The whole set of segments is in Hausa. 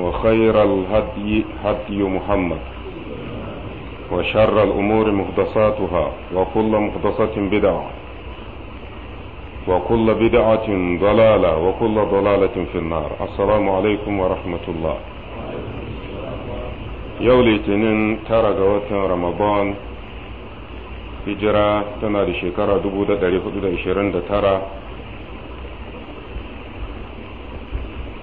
وخير الهدي هدي محمد وشر الأمور مهدساتها وكل مهدسة بدعة وكل بدعة ضلالة وكل ضلالة في النار السلام عليكم ورحمة الله يولي تنين ترى رمضان هجرة hijira tana da shekara ترى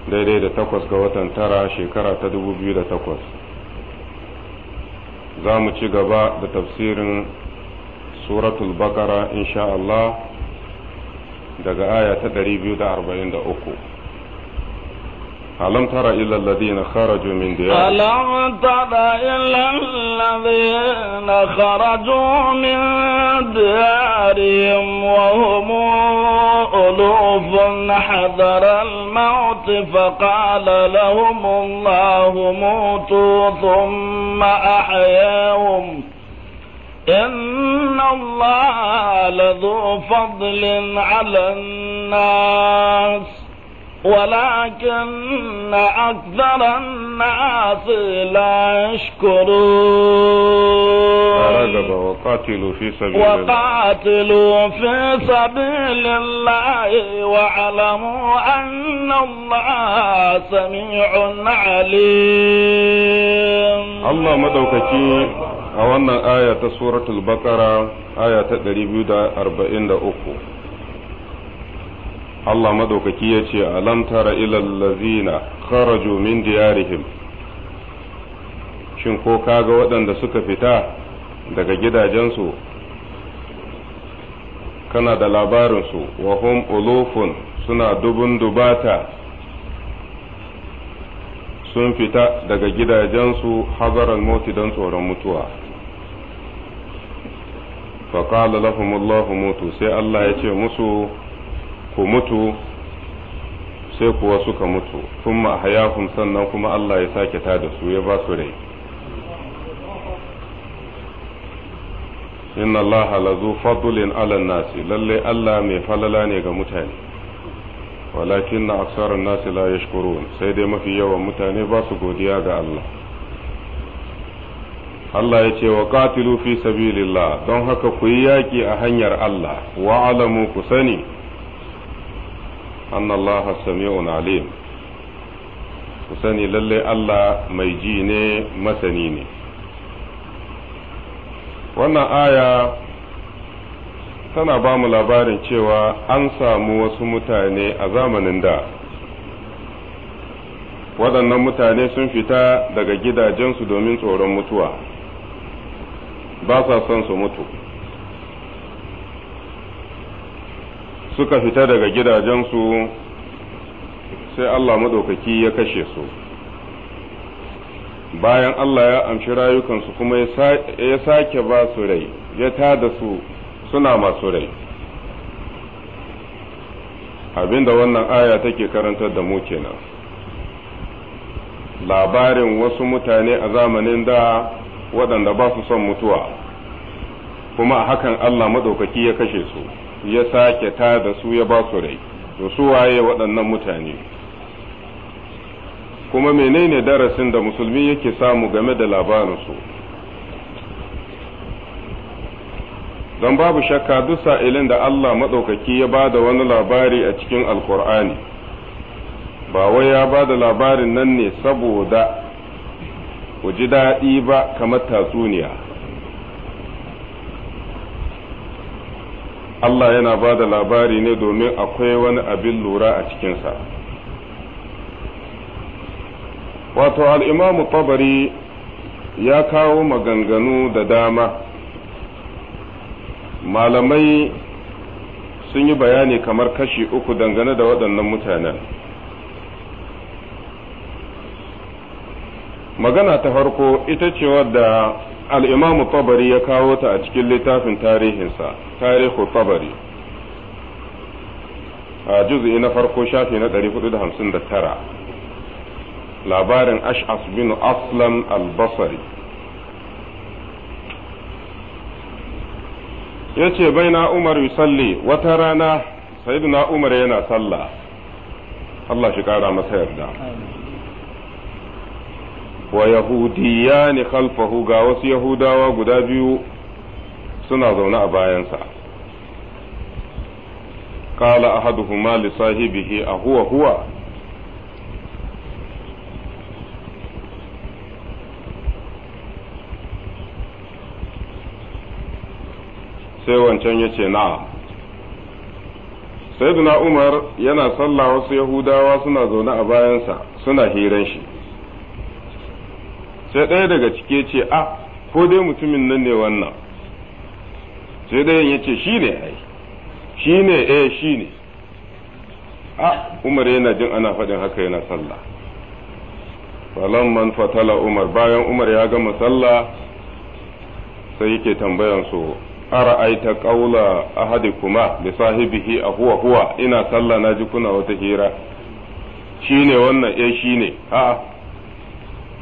daidai da takwas ga watan tara shekara ta dubu biyu da takwas za mu ci gaba da tafsirin suratul bakara insha Allah daga aya ta ɗari biyu da arba'in da uku ألم تر إلى الذين خرجوا من ديارهم ألم تر إلى الذين خرجوا من ديارهم وهم ألوف حذر الموت فقال لهم الله موتوا ثم أحياهم إن الله لذو فضل على الناس ولكن أكثر الناس لا يشكرون وقاتلوا في سبيل الله وقاتلوا في سبيل الله واعلموا أن الله سميع عليم الله مدوكتي أولا آية سورة البقرة آية 243 Allah madaukaki ya ce alam tara ilal lazina kharaju min diyarihim shin ko kaga waɗanda suka fita daga gidajensu kana da labarinsu wa ulufun suna dubun dubata sun fita daga gidajensu hazaran moti don tsoron mutuwa faƙala lahumullahu mutu sai Allah ya ce musu ku mutu sai kuwa suka mutu kuma hayahun sannan kuma Allah ya sake ta da su ya ba su rai inna Allah lazu fadlin ala nasi lalle Allah mai falala ne ga mutane walakin na aksarar nasi la yashkurun sai dai mafi yawan mutane ba su godiya ga Allah Allah ya ce wa qatilu fi sabilillah don haka ku yi yaki a hanyar Allah wa alamu ku sani ku sani سميع Allah mai ji ne masani ne. wannan aya tana ba mu labarin cewa an samu wasu mutane a zamanin da waɗannan mutane sun fita daga gidajensu domin tsoron mutuwa ba sa son su mutu suka fita daga gidajensu sai Allah madaukaki ya kashe su bayan Allah ya amshi rayukansu kuma ya sake ba su rai ya tada su suna masu rai abinda wannan aya take karantar da mu kenan labarin wasu mutane a zamanin da waɗanda ba su son mutuwa kuma a hakan Allah maɗaukaki ya kashe su ya sake ta da su ya ba su rai to su waye waɗannan mutane kuma menene darasin da musulmi yake samu game da labarinsu don babu shakka duk sa'ilin da Allah maɗaukaki ya ba da wani labari a cikin alkur'ani ba wai ya ba da labarin nan ne saboda ku ji daɗi ba kamar tatsuniya Allah yana ba da labari ne domin akwai wani abin lura a cikinsa wato al'imamu tabari ya kawo maganganu da dama malamai sun yi bayani kamar kashi uku dangane da waɗannan mutanen magana ta farko ita ce wadda al'imamu tabari ya kawo ta a cikin littafin tarihinsa tarihu tabari a juzi na farko shafi na 459 labarin ash'as bin aslam al-basari ya ce bai na umar yusalli wata rana sayyiduna umar yana sallah Allah shi kara masa yarda wa yahudiyani khalfahu ga wasu yahudawa guda biyu suna zaune a bayansa kala ahaduhuma li sahibihi a huwa huwa sai wancan ya ce na'am sayyiduna umar yana sallah wasu yahudawa suna zaune a bayansa suna hiran shi sai ɗaya daga cike ce a ah, ko dai mutumin nan ne wannan sai ɗayan ya ce shi ne ai shi ne eh shi ne a ah, umar yana jin ana faɗin haka yana sallah Falon man fatala umar bayan umar ya gama sallah sai yake tambayan su ara'aita qaula kuma da sahibihi a huwa huwa ina sallah na ji kuna wata hira shine wannan eh ne a'a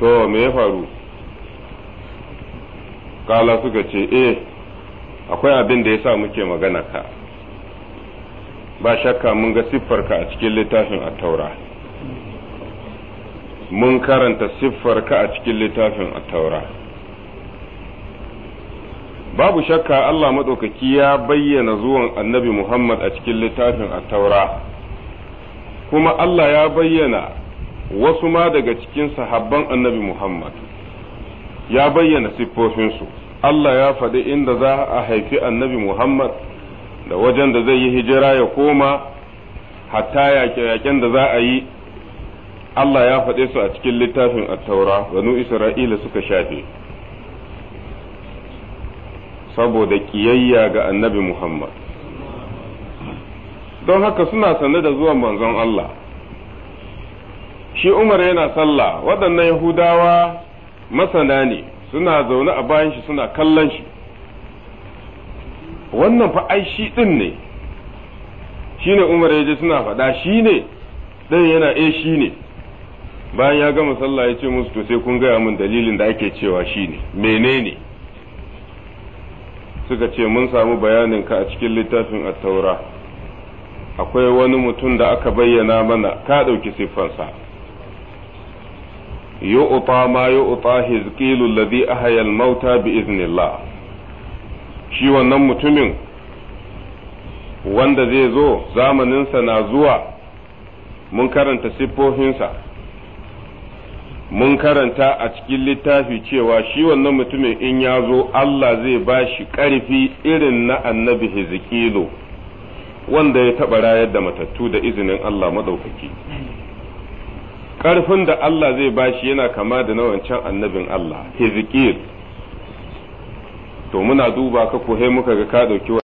to me ya faru kala suka ce eh akwai abin da ya sa muke magana ka ba shakka mun ga siffarka a cikin littafin taura. mun karanta siffarka a cikin littafin taura. babu shakka Allah maɗaukaki ya bayyana zuwan annabi Muhammad a cikin littafin taura. kuma Allah ya bayyana wasu ma daga cikin sahabban annabi Muhammad ya bayyana siffofinsu Allah ya faɗi inda za a haifi annabi Muhammad da wajen da zai yi hijira ya koma hatta yaƙe-yaƙen da za a yi Allah ya faɗe su a cikin littafin taura banu Isra'ila suka shafe saboda ƙiyayya ga annabi Muhammad don haka suna sane da zuwan manzon Allah shi Umar yana sallah waɗannan Yahudawa masana ne suna zaune a bayan shi suna kallon shi wannan fa ai shi din ne shine Umar ya je suna faɗa shi ne yana eh shi ne bayan ya gama sallah ya ce musu to sai kun gaya min dalilin da ake cewa shi ne menene suka ce mun samu bayanin ka a cikin littafin at akwai wani mutum da aka bayyana mana ka ɗauki siffansa yu'ta ma yu'ta hizqilu alladhi ahya al-mauta shi wannan mutumin wanda zai zo zamaninsa na zuwa mun karanta siffofinsa mun karanta a cikin littafi cewa shi wannan mutumin in ya zo Allah zai ba shi ƙarfi irin na annabi Hezekielu wanda ya taɓa rayar da matattu da izinin Allah maɗaukaki. ƙarfin da Allah zai bashi yana kama da na wancan annabin Allah Hezekiel to muna duba ka ko muka ga ka dauki